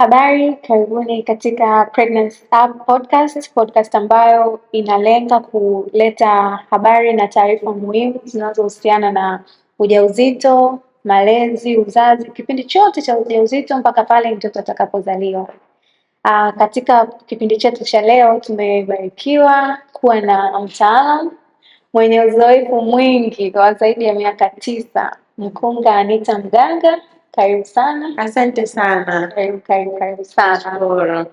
Habari, karibuni katika Pregnancy Hub podcast, podcast ambayo inalenga kuleta habari na taarifa muhimu zinazohusiana na ujauzito, malezi, uzazi, kipindi chote cha ujauzito mpaka pale mtoto atakapozaliwa. Uh, katika kipindi chetu cha leo tumebarikiwa kuwa na mtaalamu mwenye uzoefu mwingi wa zaidi ya miaka tisa, Mkunga Anita Mganga karibu sana. Asante sana. Karibu, karibu, karibu sana.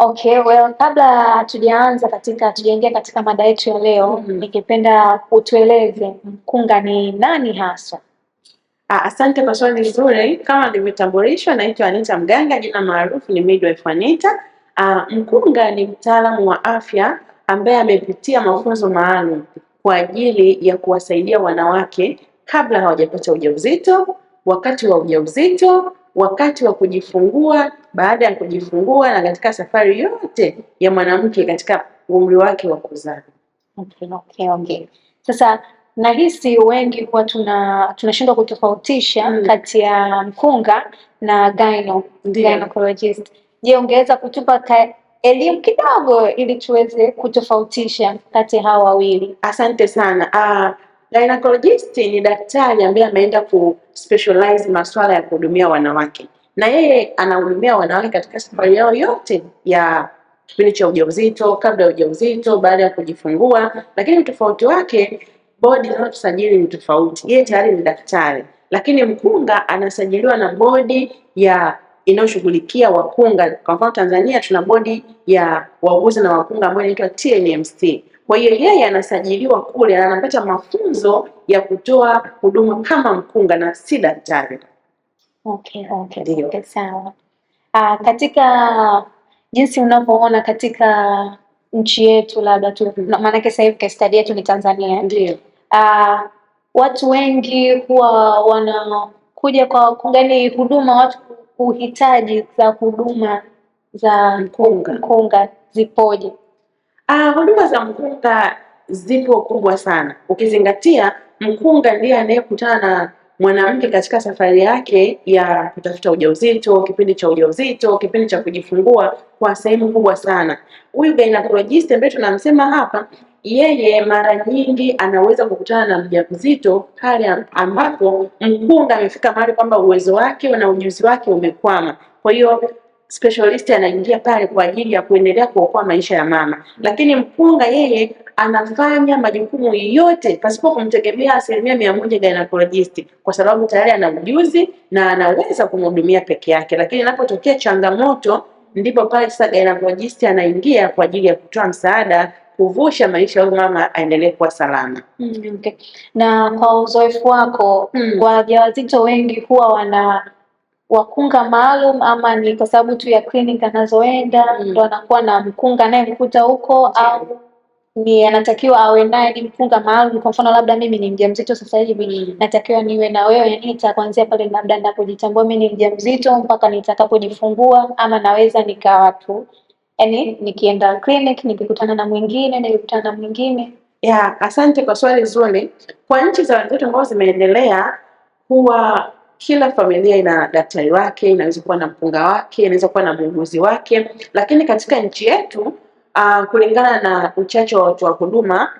Okay, well, kabla tujaanza katika tujaingia katika mada yetu ya leo mm -hmm. Ningependa utueleze mkunga ni nani haswa? Ah, asante kwa swali nzuri. Kama nimetambulishwa, naitwa Anita Mganga, jina maarufu ni Midwife Anita. Ah, mkunga ni mtaalamu wa afya ambaye amepitia mafunzo maalum kwa ajili ya kuwasaidia wanawake kabla hawajapata ujauzito wakati wa ujauzito, wakati wa kujifungua, baada ya kujifungua, na katika safari yote ya mwanamke katika umri wake wa kuzaa. Okay, okay, okay. Sasa nahisi wengi huwa tuna tunashindwa kutofautisha mm, kati ya mkunga na gyno, gynecologist. Je, ungeweza kutupa elimu kidogo ili tuweze kutofautisha kati ya hawa wawili? Asante sana. Uh, Gynecologist ni daktari ambaye ameenda ku specialize masuala ya kuhudumia wanawake, na yeye anahudumia wanawake katika safari yao yote ya kipindi cha ujauzito, kabla ya ujauzito, baada ya kujifungua. Lakini tofauti wake, bodi zinazotusajili ni tofauti. Yeye tayari ni daktari, lakini mkunga anasajiliwa na bodi ya inayoshughulikia wakunga. Kwa mfano Tanzania tuna bodi ya wauguzi na wakunga ambayo inaitwa TNMC. Kwa hiyo yeye anasajiliwa kule na anapata mafunzo ya kutoa huduma kama mkunga na si daktari. Okay, okay, okay, sawa. Ah, katika jinsi unavyoona katika nchi yetu labda tu, mm-hmm. maanake sasa hivi case yetu ni Tanzania. Ndio. Ah, watu wengi huwa wanakuja kwa kungani huduma watu kuhitaji za huduma za mkunga, mkunga zipoje? Ah, huduma za mkunga zipo kubwa sana, ukizingatia mkunga ndiye anayekutana na mwanamke katika safari yake ya kutafuta ujauzito, kipindi cha ujauzito, kipindi cha kujifungua, kwa sehemu kubwa sana. Huyu gynecologist ambaye tunamsema hapa, yeye mara nyingi anaweza kukutana na mjamzito pale ambapo mkunga amefika mahali kwamba uwezo wake na ujuzi wake umekwama. Kwa hiyo specialist anaingia pale kwa ajili ya kuendelea kuokoa maisha ya mama, lakini mkunga yeye anafanya majukumu yote pasipo kumtegemea asilimia mia moja gynecologist, kwa sababu tayari ana ujuzi na anaweza kumhudumia peke yake, lakini inapotokea changamoto ndipo pale sasa gynecologist anaingia kwa ajili ya kutoa msaada kuvusha maisha huyu mama aendelee kuwa salama. Mm, okay. Na kwa uzoefu wako mm, wajawazito wengi huwa wana wakunga maalum ama ni kwa sababu tu ya clinic anazoenda ndo mm. anakuwa na mkunga anayemkuta huko au ni anatakiwa awe naye ni mkunga maalum. Kwa mfano labda mimi ni mjamzito sasa hivi mm. natakiwa niwe na wewe Anita yaani kuanzia pale labda ninapojitambua mimi ni mjamzito mpaka nitakapojifungua, ama naweza nikawa tu yani nikienda clinic nikikutana na mwingine nikikutana na mwingine. Yeah, asante kwa swali zuri. Kwa nchi za wenzetu ambao zimeendelea huwa kila familia ina daktari wake, inaweza kuwa na mkunga wake, inaweza kuwa na muuguzi wake, lakini katika nchi yetu uh, kulingana na uchache wa watu wa huduma,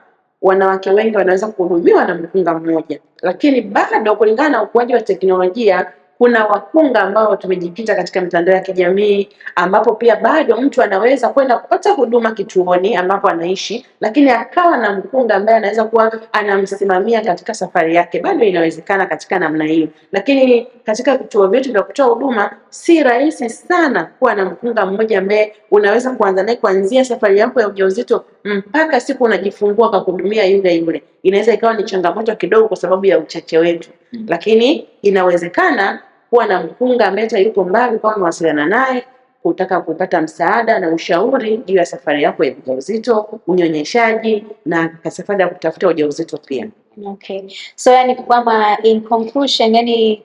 wanawake wengi wanaweza kuhudumiwa na mkunga mmoja, lakini bado kulingana na ukuaji wa teknolojia kuna wakunga ambao tumejikita katika mitandao ya kijamii ambapo pia bado mtu anaweza kwenda kupata huduma kituoni ambapo anaishi, lakini akawa na mkunga ambaye anaweza kuwa anamsimamia katika safari yake. Bado inawezekana katika namna hiyo, lakini katika vituo vyetu vya kutoa huduma si rahisi sana kuwa na mkunga mmoja ambaye unaweza kuanza naye kuanzia safari yako ya ujauzito mpaka siku unajifungua kwa kuhudumia yule yule. Inaweza ikawa ni changamoto kidogo kwa sababu ya uchache wetu. Mm. Lakini inawezekana kuwa na mkunga ambaye hata yuko mbali kwa mawasiliana naye kutaka kupata msaada na ushauri juu ya safari yako ya ujauzito, unyonyeshaji na safari ya kutafuta ujauzito pia. Okay. So yani kwamba in conclusion, yani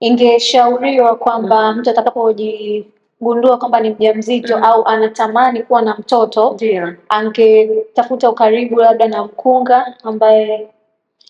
ingeshauriwa kwamba mm. mtu atakapojigundua kwamba ni mjamzito mm. au anatamani kuwa na mtoto, angetafuta ukaribu labda na mkunga ambaye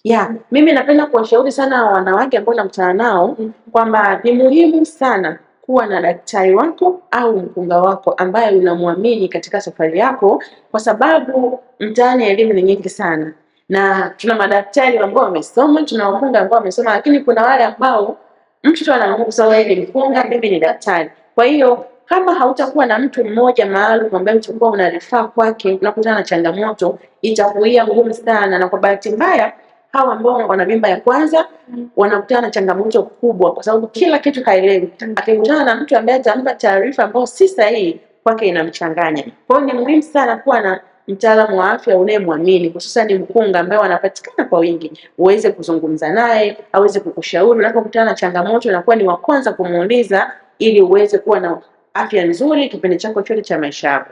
Yeah, mimi napenda kuwashauri sana wanawake ambao nakutana nao mm-hmm. kwamba ni muhimu sana kuwa na daktari wako au mkunga wako ambaye unamwamini katika safari yako, kwa sababu mtaani elimu ni nyingi sana, na tuna madaktari ambao wamesoma, tuna wakunga ambao wamesoma, lakini kuna wale ambao mtu anagusa wewe ni mkunga, mimi ni daktari. Kwa hiyo kama hautakuwa na mtu mmoja maalum ambaye utakuwa unarifaa kwake, unakutana na changamoto, itakuia ngumu sana, na kwa bahati mbaya hawa ambao wana mimba ya kwanza wanakutana na changamoto kubwa, kwa sababu kila kitu haelewi. Akikutana na mtu ambaye atampa taarifa ambayo si sahihi, kwake inamchanganya. Kwa hiyo ni muhimu sana kuwa na mtaalamu wa afya unayemwamini, hususani mkunga ambaye wanapatikana kwa wingi, uweze kuzungumza naye, aweze kukushauri. Unapokutana na changamoto, unakuwa ni wa kwanza kumuuliza, ili uweze kuwa na afya nzuri kipindi chako chote cha maisha yako.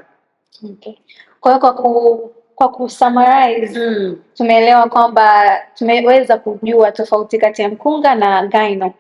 Okay. Kwa hiyo kwa ku kwa kusummarize mm. tumeelewa kwamba tumeweza kujua tofauti kati ya mkunga na gaino